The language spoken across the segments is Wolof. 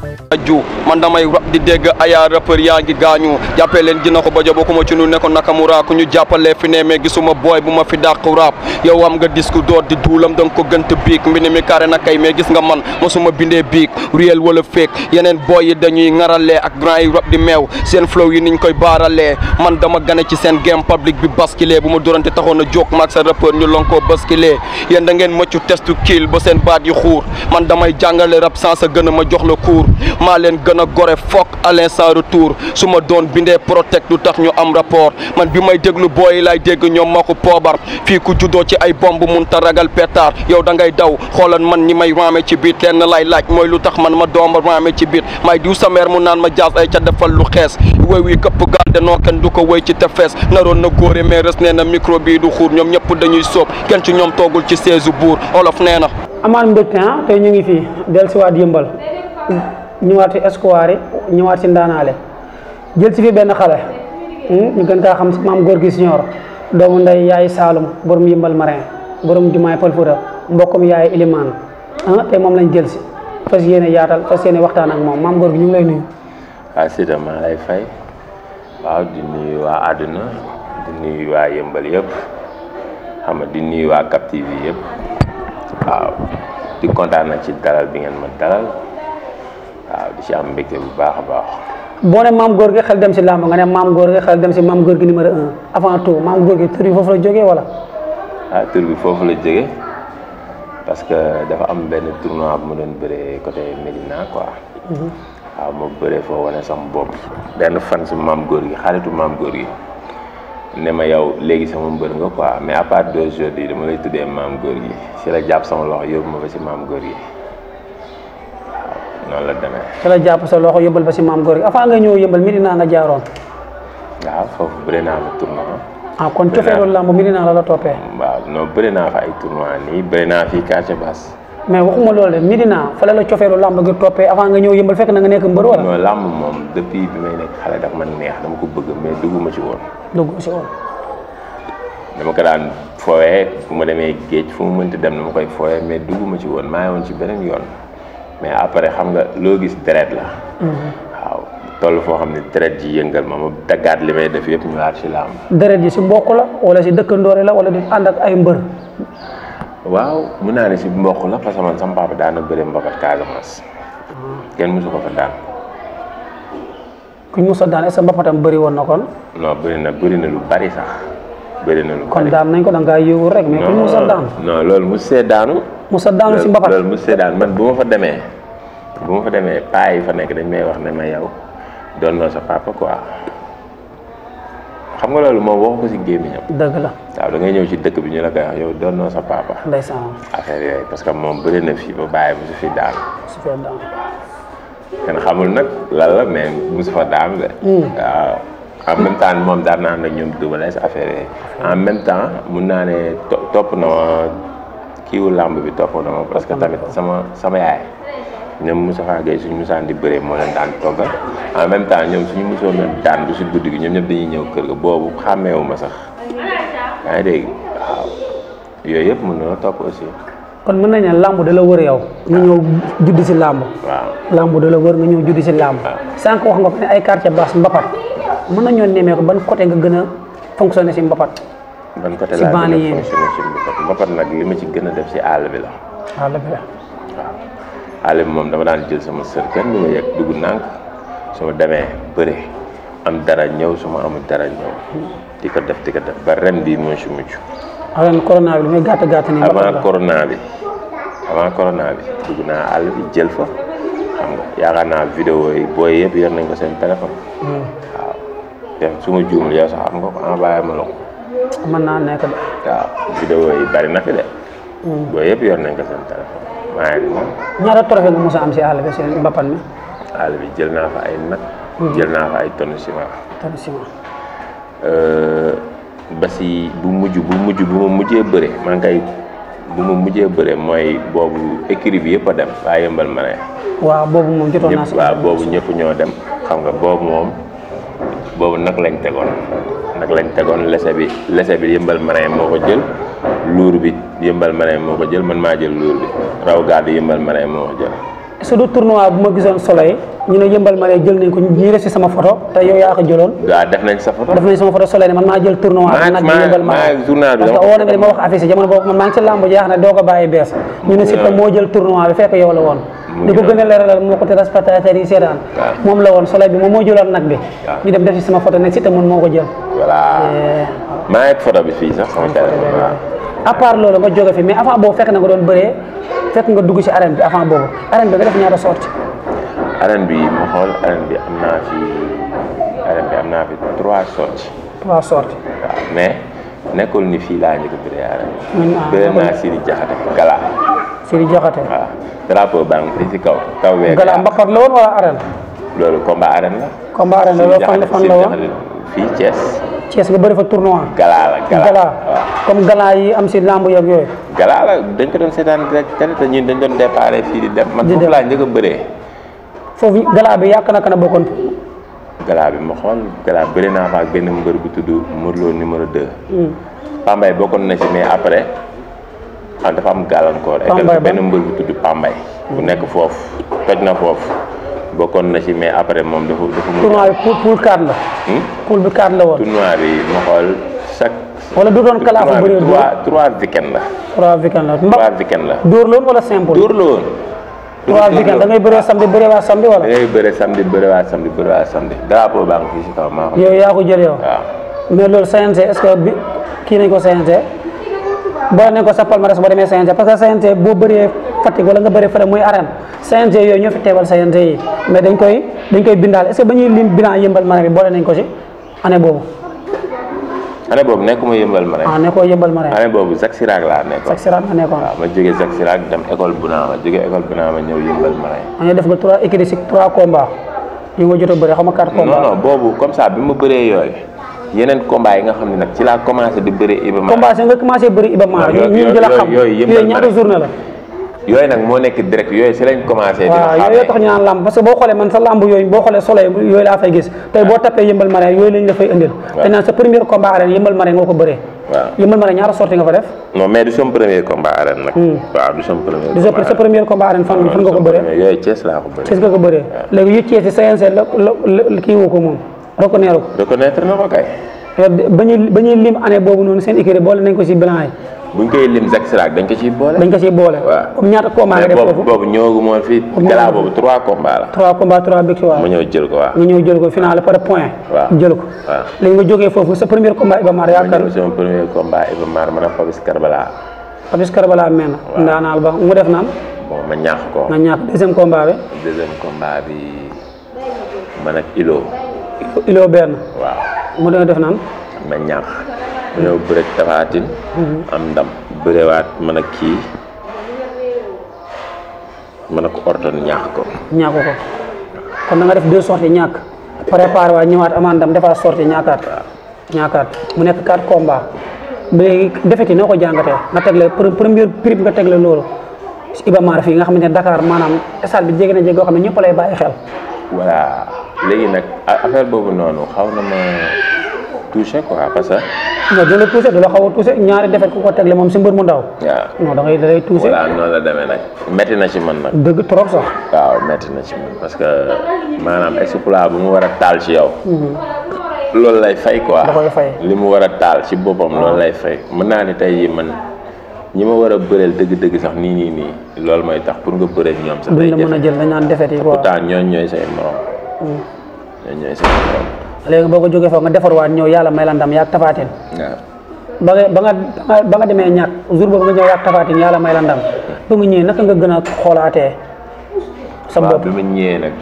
Bye. mujj man damay rab di dégg ayaa rappeur yaa ngi gaañu jàppee leen dina ko ba jo bokkuma ci nu ne ko nakamura ku ñu jàppalee fi ne mais gisuma booy bu ma fi dàq rap yow am nga disque d'or di duulam danga ko gënt biig mbind mi carré na kay mais gis nga man mosuma bindee biig réel wala fake yeneen booy yi dañuy ŋaralee ak grand yi rab di meew seen flow yi niñ koy baarale man dama gane ci seen game public bi basculé bu ma durante taxoon a jóg maag sa rappeur ñu lon koo basculé yéen da ngeen mëccu testu kiil ba seen baat yi xuur man damay jàngale rap sans sa gën a ma jox la cours maa leen gën a gore foog Alain sans retour su ma doon bindee protect lu tax ñu am rapport man bi may déglu booyi laay dégg ñoom ma ko poobar fii ku juddoo ci ay bomb mun ta ragal pétard yow da ngay daw xoolan man ni may raame ci biit lenn lay laaj mooy lu tax man ma dooma raame ci biit may diw sameer mu naan ma jaas ay ca defal lu xees woy wi këpp galde noo kenn du ko woy ci tefes naroon na góore mais res nee na micro bii du xuur ñoom ñëpp dañuy sóob kenn ñoom toogul ci seesu buur olof nee ñëwaati fi ñëwaati ndanaalé jël ci fi benn xale hmm, ñu gën ka xam maam gor gui siñoor doomu nday yaay salum borom yimbal marin borom jumaay Pël Fuuta mbokkum yaay Ilimaan ah te mom lañ jël ci fas yene yaatal fas yene waxtaan ak mom maam gor gui ñu lay nuyu. waaw ah, sida ma lay fay waaw di nuyu wa aduna di nuyu wa yëmbal yépp xam di nuyu wa Cap TV waaw di kontaan na ci dalal bi ngeen ma dalal. waaw di si am mbégte bu baax a baax. boo ne maam góor gi xel dem si làmb nga ne maam góor gi xel dem si maam góor gi numéro un avant tout maam góor gi tur foofu la jógee wala. waaw ah, tur bi foofu la jógee parce que dafa am benn tournoi bu ma doon bëree côté quoi. Mhm. waaw ma bëree foo wane sama bopp. benn fan si maam góor gi xaritu maam góor gi ne ma yow léegi sama mbër nga quoi mais à part d'aujourd'hui dama lay tuddee maam góor gi si la jàpp sama loxo yóbbu ma ba si maam góor gi. noonu la demee. ca la jàpp sa loxo yëmbal ba si maam góor gi avant nga ñëw yëmbal mi nga jaaroon. waaw foofu bëri naa la tournoi. ah kon cofeelu làmb mi dinaa la la toppee. waaw bëri naa fa naa fii quartier basse. mais waxuma loolu de Medina fa la la làmb gi toppee avant nga ñëw yëmbal fekk na nga nekk mbër wala. non làmb moom depuis bi may nekk xale daf ma neex dama ko bëgg mais dugguma ci woon. dugguma ci woon. dama ko daan fooyee bu ma demee géej fu mu mënti dem dama koy fooyee mais dugguma ci woon maa woon ci beneen yoon. mais après xam nga lo gis dread la mhm. waaw tollu fo xamni dread ji yeungal ma ma dagat limay def yep ñu waat si laam dread ji ci mbokk la wala ci dekk ndore la wala di and ak ay mbeur waaw mu naani ci mbokk la parce que man sama papa da na beure mbokat Casamance ken musu ko fa daan ku mosa daan sa ce mbapatam bëri woon na kon non beuri na beuri na lu bari sax beuri na lu kon daan nañ ko da nga yewu rek mais ku mosa daan non loolu mu sé daanu Moussa daanu si mbapat loolu Moussa daan man bu ma fa demee bu ma fa demee paa yi fa nekk dañ may wax ne ma yow doon noo sa papa quoi xam nga loolu moom waxu ko si gémmiñam. la waaw da ñëw ci dëkk bi ñu la koy yow doon noo sa papa. ndeysaan parce que moom bëri na fii ba bàyyi su fi daan. su fi xamul nag lan la mais mosu fa daan de. Hmm. waaw. en même temps moom daan naa ne ñoom duubalees affaire yi en même temps mun naa ne topp na ki wu làmb bi toppoon na ma parce que tamit sama sama yaay ñom musa fa gay suñu musa di bëree mo leen daan toga en même temps ñom suñu mosoo leen daan du ci guddi gi ñom ñep dañuy ñew kër ga boobu xàmmeewu ma sax ay ngi dégg waaw yooyu yëpp mën la topp aussi kon mën nañu lamb da la wër yow ñu ñew juddi ci lamb lamb da la wër nga ñew juddi ci lamb sank wax nga ko ay quartier bass mbapat mën nañoo némé ko ban côté nga gëna fonctionner ci mbapat ban côté laa gën a fonctionné ci mbapat mbapat nag li ma ci gën a def si àll bi la àll bi la waaw bi moom dama daan jël sama sër kenn du ma yegg ya dugg nànk su ma am dara ñëw su ma dara ñëw di def di def ba ren bi moo si mucc avant corona bi may gata gàtt ni avant corona bi avant corona bi dugg naa àll bi jël fa xam nga yaakaar naa vidéo yi booy yëpp yor nañ ko seen téléphone waaw dem su ma juumul sax am nga ko envoyé ma la mën naa nekk de. waaw vidéo yi bari na fi de. Hmm. booy yëpp yor nañ ko seen téléphone. maa trophée nga am si àll bi seen mi. àll jël naa fa ay nag. Hmm. jël naa fa ay tonnes ciment. tonnes ciment. ba si eh, bu mujj bu mujj bu ma mujjee bëre maa ngi bu ma mujjee bëre mooy boobu écrit bi yëpp dem ñoo dem xam nga lañ nag lañ tegoon lese bi lese bi yëmbal marin moo ko jël luur bi yëmbal marin moo jël man maa jël luur bi raw gàddu yëmbal marin moo ko jël su du tournoi bu ma gisoon solo yi ñu ne yëmbal ma lay jël nañ ko ñu resi sama photo te yaa ko jëloon. waaw def sa photo def nañ man maa jël tournoi. ma bi a leeralal moo ko moom moo jëloon nag bi. ñu def si sama photo ne Siteu mun moo ko jël. maa ngi photo bi fii sax sama loolu nga jóge fi mais avant boobu fekk na nga doon bëree fekk nga dugg ci arène bi avant bobu arène bi nga def ñaata sortie arène bi mo xol arène bi amna naa fi arène bi amna fi trois sorties trois sorties mais nekul ni fii laa njëkk bëree arène bëree ci di Jaxate gala yang Jaxate waaw drapeau baa ci ci kaw kaw wé gala mbapat la won wala arène lolu combat arène la combat arène la loolu fan la fan la woon fii Thiès Thiès nga bëri fa tournoi gala la gala comme gala yi am si lamb yeeg yooyu. gala la dañ ko doon seetaan direct télé te ñun dañ doon départ fii di def man foofu laa njëkk a bëree. foofu gala bi yàq na kan a bokkoon. gala bi ma xool gala bëri naa fa ak benn mbër bu tudd Modou Lo numéro 2. Hmm. Pambay bokkoon na ci mais après xam ah, dafa am gàllankoor. Pambay benn mbër bu tudd Pambay. bu nekk foofu toj na foofu. bokkoon na ci mais après moom dafa dafa. tournoi bi poul la. Hmm? poul bi carte la woon. tournoi chaque. wala du doon kalaafu bu ñuy dóor trois weekend la. trois weekend la mbaa trois weekend la. dóor loon wala simple. dóor loon. trois weekend da ngay bëree samedi bëree waa samedi wala. da ngay bëree samedi bëree waa samedi bëree waa samedi drapeau baa nga fii si beri maa ko. yow yaa ko jël yow. waaw mais loolu CNG est-ce que bi kii nañ ko CNG. boole nañ ko sa palmarès boo demee CNG parce que CNG boo bëree Fatick wala nga bëree fële muy arène CNG yooyu ñoo fi teewal CNG yi mais dañ koy dañ koy bindaal est-ce que ba lim bilan yëmbal mara bi boole nañ ko ci année boobu année boobu nekkuma yëmbal ma rek. ah nekkoo yëmbal ma rek. année boobu Zac Sirac laa nekkoon. Zac nga nekkoon. waaw ma jógee Zac dem école Bunaama jógee école ñëw yëmbal ma rek. Ah, def nga trois écrits trois combats yi nga jot a bëree xam nga quatre combats. boobu comme ça bi ma bëree yooyu yeneen combats yi nga xam ne nag ci laa commencé di bëri Ibamara. combats yi nga commencé bëri Ibamara. yooyu yooyu yëmbal ma rek journée la. yooyu nag moo nekk direct yooyu si lañ commencé. dina xaar waaw yooyu tax ñu naan lamb parce boo xoolee man sa lamb yooyu boo xoolee solo yooyu laa fay gis tey boo tapee yëmbal mare yooyu lañ la fay indil. sa premier combat arène nag. Hmm. sa premier combat arène fan nga ko bëree. yooyu Thiès laa ko bëree. Thiès nga ko bëree léegi yu Thiès yi CNG la la kii woo ko moom reconnaître ko. reconnaître na ko kay. Eh, ba ñuy ba ñuy lim année boobu noonu seen écurie boole nañ ko ci bilan yi bu ñu koy lim Zack Sirac dañ ko ci boole. dañ ko ciy boole. waaw comme ñaata combat nga def boobu boobu ñëwagu ma fii. gala boobu trois combats trois combats trois victoires. ñëw jël ko waaw. mu ñëw jël ko final par point. waaw jël ko. waaw nga jógee foofu sa premier combat Iba Mar yaakaar. ma sama premier combat Iba Mar ma ne Fabis Karbala. ba mu def ma ñaax ko. ma ñaax deuxième combat bi. deuxième combat bi man ak Ilo. Ilo benn. waaw mu doon def naan. ma ñaax. ñëw bëreeg Tapha Tine mm-hmm. am ndam bërewaat man ak kii man ak orton ñaax ko ñaaku ko kon da nga def deux sorties ñàkk préparé waa ñëwaat amaan ndam defaa sortie ñaakaat ñaakaat mu nekk quatre combats léegi defeti noo ko jàngatee nga tegle première prime nga tegle loolu Iba Mar fii nga xam ne Dakar maanaam stade bi jege na jege xam ne ñëpp lay bàyyi xel voilà léegi nag affaire boobu noonu xaw na ma touché quoi parce que. non du la touché du la xaw a touché ñaari defet ku ko tegle moom si mbër mu ndaw. waaw non da ngay da ngay touché. voilà noonu la demee nag métti na ci man nag. dëgg trop sax. waaw métti na ci man parce que maanaam exploit bu mu war a ci yow. loolu lay fay quoi da koy fay li mu war a ci boppam loolu lay fay mën naa ne tey jii man ñi ma war a bëreel dëgg-dëgg sax nii nii nii loolu mooy tax pour nga bëreel ñoom sax. day jafe duñ la a jël dañ naan defet yi quoi ah. pourtant ñooñu ñooy say morom. Hmm. ñooñu ñooy say morom. léegi boo ko jógee foofu nga waat ñëw yàlla may la ndam yaag tafaatin ba nga ba nga demee ñàkk jour boobu nga ñëw yaag tafaatin yàlla may la ndam ba ñëwee naka nga gën xoolaatee sa bopp bi ma ñëwee nag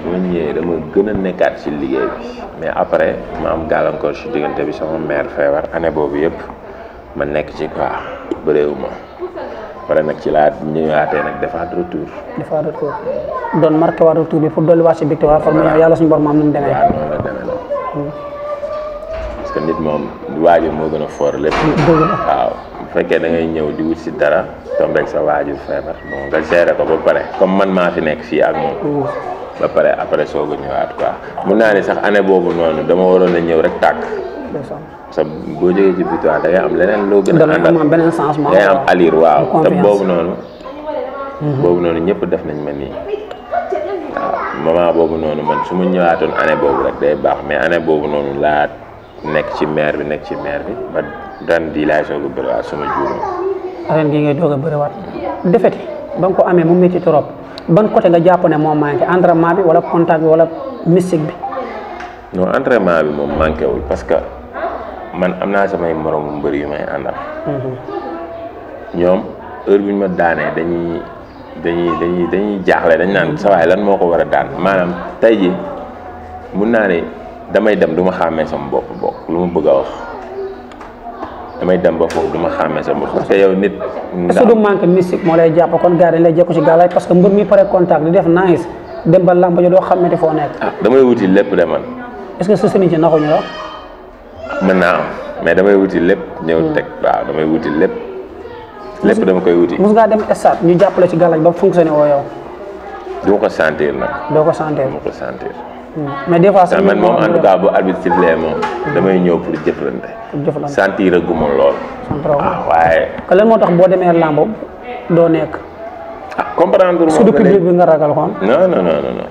ma gën a nekkaat ci liggéey bi mais après ma am gàllankoor ci diggante bi sama mère feebar année boobu yëpp ma nekk ci quoi bëreewuma pare na ci laa ñëwaatee nag defaat retour. defaat retour waat retour bi pour dolliwaat si victoire. waaw kon yàlla suñu borom am na mu demee. parce que nit moom waajur moo gën a foor lépp. waaw bu fekkee da ngay ñëw di wut si dara tombeeg sa waajur feebar bon nga gérer ko ba pare comme man maa fi nekk fii ak moom. ba pare après soog a ñëwaat quoi mun naa ne sax année boobu noonu dama waroon a ñëw rek tàkk. sa boo jógee ci victoire da am leneen loo gën a. àndal da ngay am alir waaw te boobu noonu. Mhm. boobu noonu ñëpp def nañ ma nii. moment boobu noonu man su ma ñëwaatoon année boobu rek day baax mais année boobu noonu laa nekk ci maire bi nekk ci maire bi ba daan di laay soog a bëriwaat su ma bëriwaat. defete ba ko amee mu métti trop ban côté nga jàpp ne moo manqué entraînement bi wala contact bi wala mystique bi. non entraînement bi moom manqué wul parce que man am naa samay moromu mbër yu may àndal. Mhm. ñoom heure ma daanee dañuy. dañuy dañuy dañuy jaaxle dañ naan sa waay lan moo ko war a daan maanaam tey ji mun naa ne damay dem du ma xàmmee sama bopp bokk lu ma bëgg a wax damay dem ba foofu du ma xàmmee sama bopp parce que yow nit. ndax su du manque mystique moo lay jàpp kon gars dañ lay jekku ci gàllaay parce que mbër mi pare contact di def nice dem ba làmb ja doo xamante foo nekk. ah damay wuti lépp de man. est-ce que sa sëriñ ci naxuñu la. mën naa am mais damay wuti lépp. ñëw hmm. teg waaw damay wuti lépp. lépp dama koy wuti. mos ngaa dem stade ñu jàppale ci galañ ba fonctionné woo yow. doo ko sentir nag. doo ko sentir doo ko sentir. Hmm. mais des fois. Ah, man moom en tout cas bu arbitre moom. Hmm. damay ñëw pour jëflante. pour jëflante sentir a guma lool. ah waaye. que lan moo tax boo demee làmb doo nekk. ah comprendre moom public bi nga ragal kon. non non non non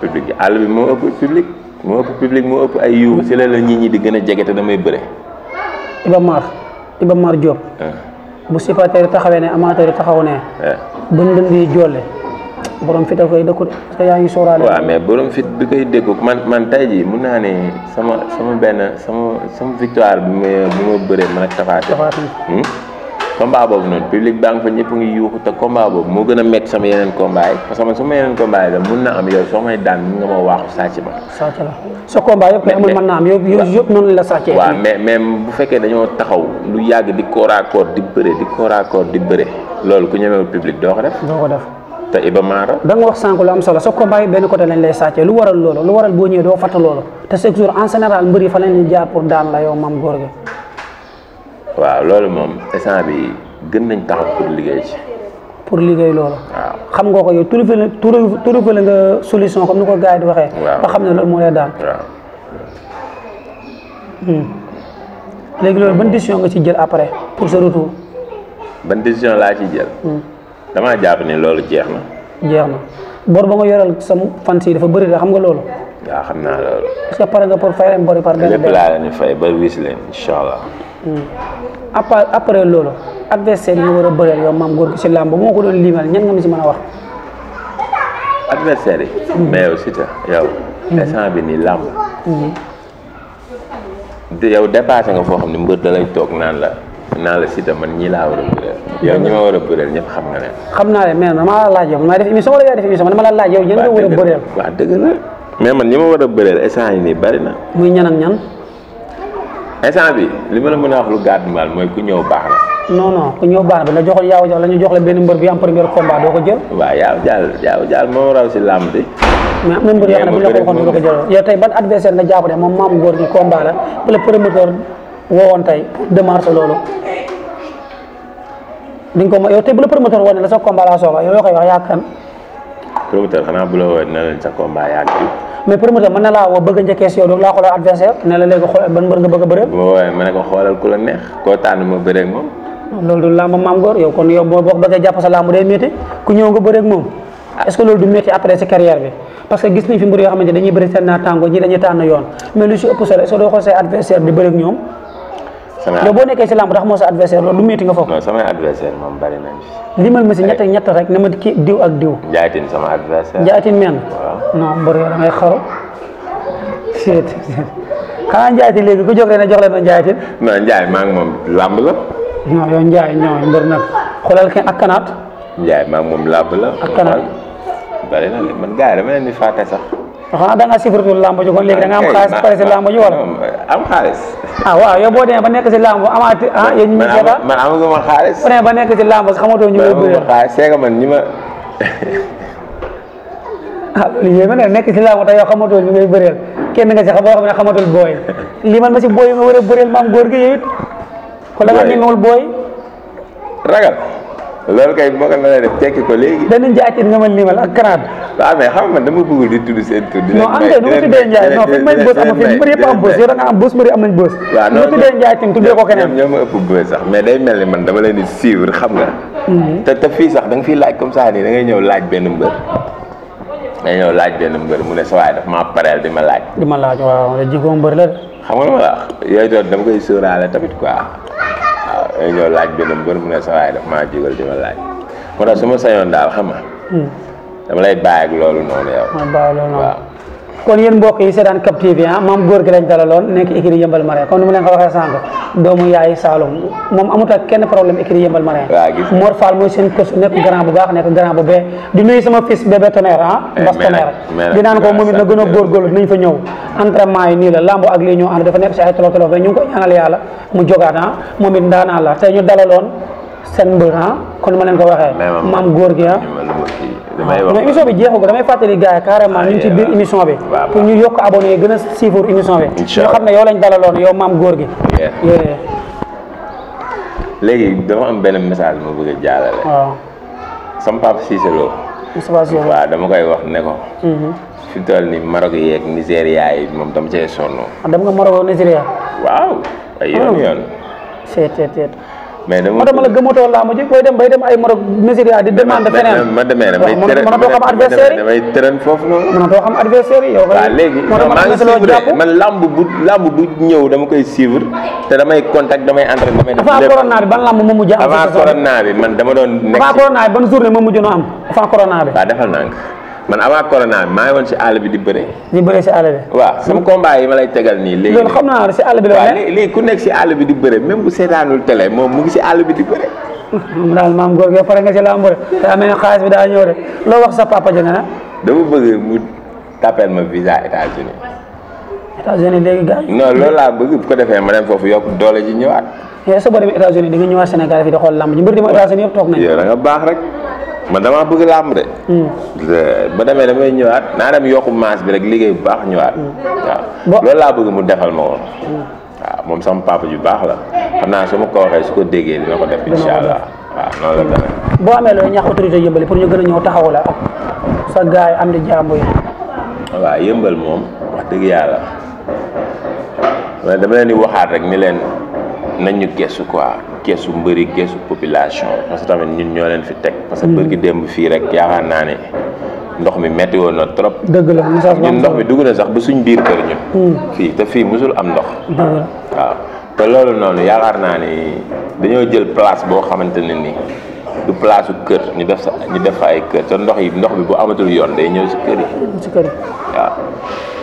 public bi àll bi moo ëpp public moo ëpp moo ëpp ay yu si la la nit ñi di gën a jege te damay bëre. Iba Mar Iba Mar Diop. Ah. bu supporter taxawee ne amateur taxaw ne. buñ eh. dënd yi joole borom fit a koy dëkku de parce que yaa ngi sóoraale. waaw mais borom fit bi koy dëkku man man tey jii mun naa ne sama sama benn sama sama victoire bi ma bi ma bëree man ak Tapha Tine hmm? combat boobu noonu public baa nga fa ñëpp ngi yuuxu te combat boobu moo gën a métti sama yeneen combat yi parce que man na am yow soo may daan mun nga ma waaxu sàcc ma. sàcc la sa combat yëpp amul mën naa am yow yow yëpp la sàccee. waaw mais mais bu fekkee lu yàgg di corps à corps di bëre di corps à corps di bëre ku ñemewul doo ko def. doo ko te Iba Mara. da nga wax solo sa combat yi benn côté lañ lay sàccee lu waral loolu lu waral boo ñëwee doo fàtte loolu te chaque jour en général mbër fa lañ jaar pour daan la yow mam góor waaw loolu moom instant bi gën nañ taxaw pour liggéey pour liggéey loolu. waaw xam nga ko yow trouvé na trouvé na nga solution comme ni ko gars di waxee. waaw ba xam ne loolu moo lay daal. Hmm. loolu ban décision nga ci jël après pour sa retour. ban laa ci jël. Hmm. jàpp ne loolu jeex na. jeex na bor ba nga yoral sa fan si dafa bëri de xam nga loolu. waaw xam naa loolu. est-ce que pare nga pour fay laa leen fay ba wis leen allah. Hmm. après après loolu adversaire yi nga war a yow mam gor gi si làmb moo doon limal ñan nga ma si mën wax. adversaire mais aussi ta yow. instant bi lamb de yow dépassé nga fo xamni mbeur da lay tok nan la nan la sita man ñi la wara beurel yow ñi ma war a xam nga ne. xam na le mais dama la laaj yow ma def émission wala def émission dama la laaj yow. nga wara beurel wa deug na mais man ñi ma wara beurel ni bari na. muy ñan ak ñan instant bi li ma la mën wax lu gàdd mal moy ku ñew bax la non non ku ñew bax na la joxoon yaaw jox lañu ñu jox la benn mbeur bi am premier combat doo ko jël. wa yaw jall yaw jall mo raw ci lamb bi. mais am na mbër yoo xam bu la ko xon doo ko jël yow tay ban adversaire nga jappu de mom mam góor ni combat la bu la promoteur woowoon tay démarche loolu. di nga ko ma yow tay bu la promoteur woon ne la sa combat la solo yow yoo wax yaa kan. promoteur xana bu la woné ne sa combat yaa kan. mais promoteur mën na laa woo bëgg a njëkkee si yow donc laa xoolal adversaire ne léegi xoolal ban mbër nga bëgg a moom. loolu du làmb maam góor yow kon yow boo bëggee jàpp sa làmb day métti ku ñëw nga bëree moom est-ce que loolu du métti après sa carrière bi parce que gis nañ fi mbër yoo xamante dañuy bëri seen naataango ñi dañuy tànn yoon mais lu si ëpp solo est doo xool say adversaire di bëri ñoom Le boo nekkee si làmb ndax moo sa adversaire loolu lu métti nga foofu. non adversaire moom bari nañ ci. limal ma ñett ñett rek ne diw ak diw. sama adversaire. Ndiaye Tine non mbër yow da ngay xaru. seet xanaa Ndiaye Tine ku jóg rek jox nah, kan leen nah, ma non Ndiaye maa ngi moom làmb la. non yow Ndiaye ñoo mbër nag xoolal kenn ak kanaat. Ndiaye maa ngi moom la. ak bari na man dama sax. da sifirtu da nga am si làmb wala am xaalis. ah waaw yow boo demee ba nekk si làmb amaati ah yéen ñu. man amaguma xaalis. bu demee ba nekk si làmb xamatoo ñu. man xaalis c'est que man ñi ma. ah loolu ne nekk si làmb te yow xamatoo ñu ngay bëreel kenn nga si xam boo xam ne xamatul booy lii man ma si booy nga war a bëreel maam góor gi yooyu ku la nga ñemewul booy. ragal. loolu kay bu ma ko mënee def tekki ko legi da na ci nga ma limal ak karaat. wa mais xam man dama bëgg di tuddu sen tuddu di non am nga nu tuddee njaay non fi may boss am fi bari yëpp am boss yo da nga am boss bari am nañ boss wa non non tuddee njaay ci tuddee ko kenen ñoom ñoo ma ëpp bës sax mais day melni man dama leen di suivre xam nga. te te fi sax da nga fi laaj comme ça ni da ngay ñew laaj benn mbeur da ngay ñëw laaj benn mbeur mu ne sa way daf ma parel di ma laaj. di ma laaj wa jikko mbeur la. xam nga wax yoy do dama koy sooralé tamit quoi Eh, ñoo laaj benn mbër mu ne sa waaye daf maa jógal di ma laaj moo tax su ma sañoon daal xam nga hmm. dama lay bàyyi ak loolu noonu yow kon yéen mbokk yi seetaan Cap TV ah maam góor gi lañ dalaloon nekk écurie Yeumbeul Marin comme ma leen ko waxee sànq doomu nekk grand bu baax nekk grand bu bee di nuyu sama fils bébé ah, eh, na gën a góorgóorlu dinañ fa ñëw entraînement yi nii la lambo ak lii ñoo ànd dafa nekk si ay tolo tolo ñu ngi ko ñaanal yàlla mu jogaat ah moom seen mbër ah kon ma leen ko waxee maam góor gi ah damay wax émission bi jeexagul damay fàttali gars yi carrément ah, ñu ngi ci biir émission bi. pour ñu yokk abonné yi gën a suivre émission bi. ñu xam ne yow lañ dalaloon yow maam góor gi. léegi dafa am benn message ma bëgg a jàllale. waaw sama papa Cissé dama koy wax ne ko. Mm-hmm. fi toll ni Maroc yeeg Nigéria yi moom dama cee sonn. ah dem nga Maroc Nigéria. waaw ay yoon oh. yoon. mais dama ma la gëmatoo laa ma ji koy dem bay dem ay Maroc demee damay mën a doo xam adversaire yi damay tëran foofu noonu mën a doo xam adversaire yi man lamb bu ñëw dama koy suivre te damay contact damay entraîné damay def avant corona bi ban mujj am avant corona bi doon nekk avant corona bi ban journée moo mujj noo am avant corona bi waaw defal naa man avant corona bi maa ngi woon si àll bi di bëre. di bëre si àll bi. waaw sama combat yi ma lay tegal nii. léegi loolu xam naa si àll bi la waaw ku nekk si àll bi di bëre même bu seetaanul télé moom mu si àll bi di bëre. daal maam góor nga si lamb rek na xaalis bi daa ñëw rek loo wax sa papa jënd na. dama bëgg mu tapel ma visa États-Unis. États-Unis léegi gars yi. non loolu ko defee ma dem foofu yokk doole ji ñëwaat. mais est-ce que boo ñëwaat Sénégal fii di xool lamb ji di ma États-Unis yëpp toog baax rek man damaa bëgg am hmm. de. ba demee damay ñëwaat naa dem yokku maas bi rek liggéey bu baax ñëwaat. Hmm. waaw loolu laa bëgg mu defal ma woon. Hmm. waaw moom sama papa ju baax la xam naa su ma ko waxee su ko déggee dina ko def. incha allah waaw noonu la demee. boo amee looy ñaax autorité yëmbali pour ñu gën a ñëw taxaw la sa gaa yi am di jàmb yi. waaw yëmbal moom wax dëgg yàlla dama leen di waxaat rek ni leen. nañ ñu gestu quoi gestu mbëri gestu population parce que tamit ñun ñoo leen fi teg. parce que mbër gi démb fii rek yaakaar naa ne ndox mi metti woon na trop. dëgg la ñun ndox mi dugg na sax ba suñu biir kër ñun. Hmm. fii te fii mosul am ndox. waaw te loolu noonu yaakaar naa ne dañoo jël place boo xamante ne nii. du place kër ñu def sa ñu def ay kër te ndox yi ndox bi bu amatul yoon day ñew ci kër yi ci kër ya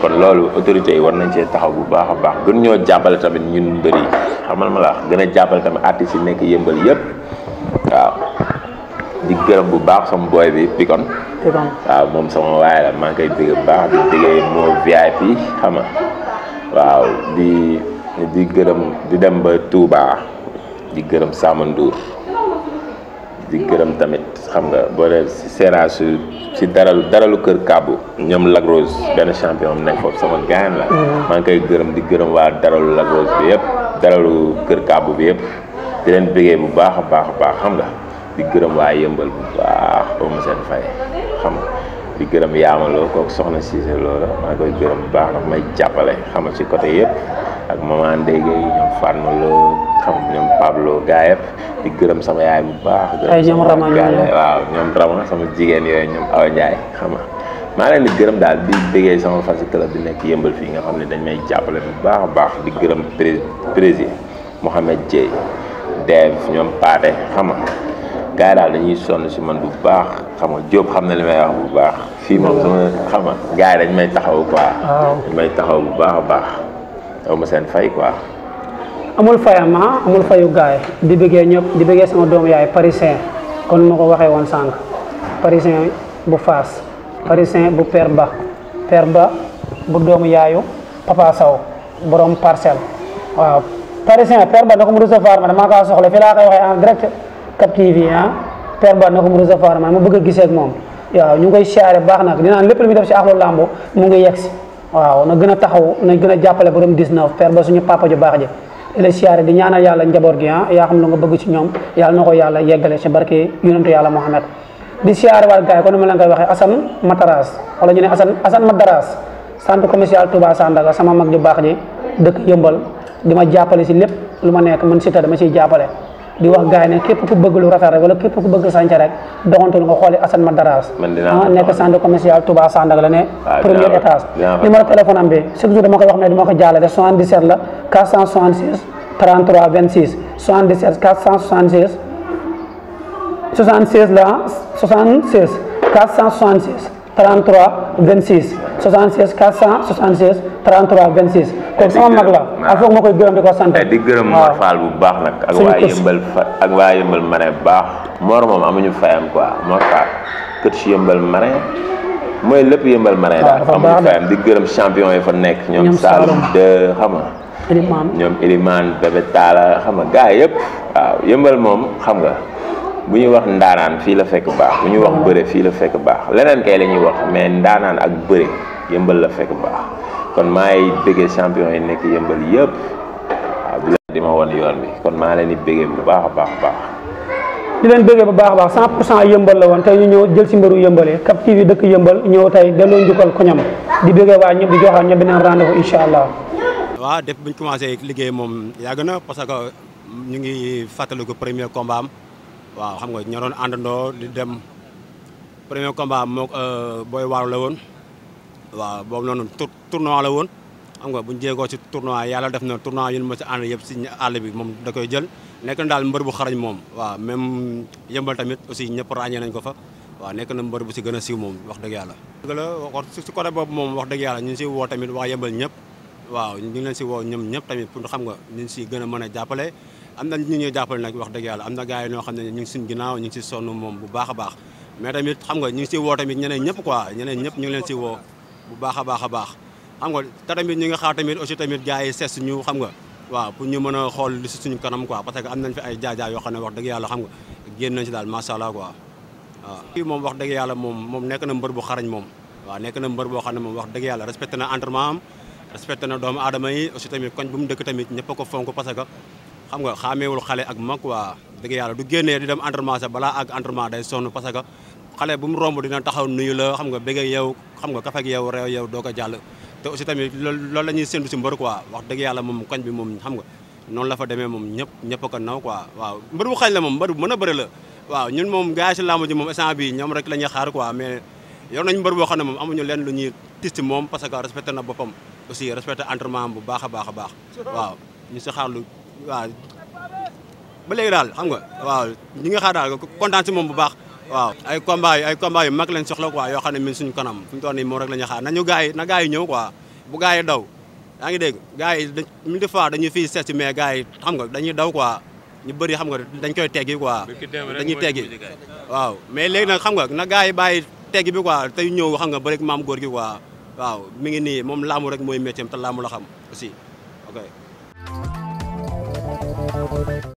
kon lolu autorité yi war nañ ci taxaw bu baax baax gën ñoo jàppale tamit ñun bari xamal ma la wax gën a tamit artiste yi nekk yëmbal yëpp wa di gërëm bu baax sama boy bi Pikon wa mom sama way la ma ngay bëgg baax di dégé mo VIP xama nga waaw di di gërëm di dem ba Touba di gërëm Samandour di gërëm tamit xam nga boole si Seera su si daralu kër kàbbu ñoom Lagrose benn champion am nekk foofu sama gaañ la. Mm. maa ngi koy gërëm di gërëm waa daralu Lagrose bi yëpp daralu kër kàbbu bi yëpp di leen bëggee bu baax a baax a baax xam nga di gërëm waa yëmbal bu baax ba mu seen fay xam nga. di gërëm yaamaloo kooku soxna Cissé loola maa koy gërëm bu baax ndax may jàppale xama ci côté yëpp ak maman Ndege ñoom Fatma loo xam ñoom Pablo gaayëpp di gërëm sama yaay bu baax. ay ñoom Rama waaw ñoom Rama sama jigéen yooyu ñoom Awa Ndiaye xama maa leen di gërëm daal di bëggee sama fan si nekk yëmbal fii nga xam ne dañ may jàppale bu baax baax di gërëm pré président Mouhamed Dieye Dev ñoom Paate xama gars yi daal dañuy sonn si man bu baax xam nga Diop xam na li may wax bu baax fii moom sama xam nga gars may taxaw quoi. bu baax a baax. aw ma seen fay quoi. amul fayam ah, amul fayu gaay di bëggee ñëpp di bëggee sama doom yaay parisien kon ma ko waxee woon sànq parisien bu Faas parisien bu Père Ba Ba bu doomu yaayu Papa Sow borom parcelle waaw parisien Père Ba na ko mu recevoir ma damaa kaa soxla fii laa koy waxee en direct Cap TV ah Père Ba mu recevoir ma ma bëgg a gisee ak moom. waaw ñu ngi koy siyaare baax nag dinaan lépp lu muy def si axlu làmb mu ngi yegg si waaw na gën a taxaw na gën a jàppale borom 19 père ba suñu papa ju baax ji di la siyaare di ñaanal yàlla njaboot gi ah yaa xam lu nga bëgg ci ñoom yàlla na ko yàlla yeggale si barke yonentu yàlla Muhammad di siyaare waat gars yi kon ma la koy waxee Assane Mataras wala ñu ne Assane Assane Mataras centre commercial Touba Sandaga sama mag ju baax ji dëkk yëmbal di ma jàppale si lépp lu ma nekk man si ta dama siy jàppale di wax gars yi ne képp ku bëgg lu rafet rek wala képp ku bëgg sànca rek doxantul nga xooli Assane Madaraas ah, nekk centre commercial Touba Sandaga la ne ah, premier étage numéro téléphone am bi chaque jour dama koy wax ne dama ko jàllale 77 la 466 33 26 77 466 76 la 76 466 33 26 76 476 33 26. kon sama mag la ak foog ma koy gërëm di ko sant. Eh, di gërëm Mor Fall bu baax nag. ak waa yëmbal fa ak waa yëmbal Marais baax. Mor moom amuñu fayam quoi Mor Fall kër si yëmbal Marais mooy lépp yëmbal Marais daal. amuñu fayam di gërëm champion yi fa nekk. ñoom Saloum de xam nga. Elimane ñoom Elimane Bébé Talla xam nga gars yëpp waaw yëmbal moom xam nga. buñu wax ndaanaan fi la fekk baax buñu wax beure fi la fekk baax leneen kay lañuy wax mais ndaanaan ak beure yëmbal la fekk baax kon maay bëggé champion yi nekk yëmbal yëpp waaw di leen won yoon bi kon ma leen di bëggee bu baax baax baax di leen bëggee bu baax baax 100 pour la won tay ñu ñëw jël ci mbaru yëmbalee Cap TV dëkk yëmbal ñëw tey delloo ñukal ko ñam di bëggee wa ñëpp di joxa ñëpp beneen rendez-vous inshallah wa def buñ commencé liggéey mom yagna parce que ñu ngi fatalu ko premier combat waaw xam nga ñoo àndandoo di dem premier combat moo euh, booy waaru la woon waaw boobu noonu tournoi la woon xam nga bu ñu jéegoo ci tournoi yàlla def na tournoi yun ma ci ànd yëpp si àll bi moom da koy jël nekk na daal mbër bu xarañ moom waaw même yëmbal tamit aussi ñëpp ràññee nañ ko fa waaw nekk na mbër bu si gën a siiw moom wax dëgg yàlla si côté boobu moom wax dëgg yàlla ñu ngi si woo tamit waa yëmbal ñëpp waaw ñu leen si woo ñoom ñëpp tamit pour xam nga ñu ngi si gën a mën a jàppale am na ñu ñuy jàppale nag wax dëgg yàlla am na gars yi ñoo xam ne ñu ngi suñ ginnaaw ñu ngi si sonn moom bu baax a baax mais tamit xam nga ñu si woo tamit ñëpp quoi ñeneen ñëpp ñu ngi leen si woo a a baax xam nga te tamit ñu ngi tamit aussi tamit gars yi sees xam nga waaw pour ñu mën a xool si suñu kanam quoi parce que am nañ fi ay jaajaa yoo xam ne wax dëgg yàlla xam nga génn nañ si daal macha allah quoi moom wax dëgg yàlla moom moom nekk na mbër bu xarañ moom waaw nekk na mbër boo xam ne moom wax dëgg yàlla respecté na entraînement am respecté na doomu aadama yi aussi tamit koñ bu mu dëkk tamit ñëpp a ko fonk parce xam nga xàmmeewul xalé ak mak wa deug yalla du génnee di dem entraînement sa bala ak entraînement day sonu parce que xalé bu mu romb dina taxaw nuyu la xam nga bëgg yow xam nga kafa ak yow rew yow doo jall jàll te aussi tamit loolu lañuy sentu ci mbeur quoi wax deug yalla mom koñ bi mom xam nga non la fa démé mom ñep ñep ko naw quoi waaw mbeur bu xañ la mom mbeur bu mën a la waaw ñun mom gars yi si làmb ji moom instant bi ñom rek lañuy xaar quoi mais yor nañ mbeur bo xamne mom amuñu leen lu ñuy tisti moom parce que respecté na bopam aussi respecté entraînement bu baaxa baaxa baax a waaw ñu si xaar lu waaw ba léegi daal xam nga waaw ñi nga xaar daal kontaan si moom bu baax waaw ay combat yi ay combat yu mag lañ soxla quoi yoo xam ne min suñu kanam fu ñu toll nii moom rek la ñuy xaar nañu gars yi na gars yi ñëw quoi bu gars yi daw yaa ngi dégg gars yi mille de fois dañuy fii seet si mais gars yi xam nga dañuy daw quoi ñu bëri xam nga dañ koy teggi quoi dañuy teggi waaw mais léegi nag xam nga na gars yi bàyyi teggi bi quoi tey ñëw xam nga bëri maam góor gi quoi waaw mi ngi nii moom laamu rek mooy métier te laamu la xam aussi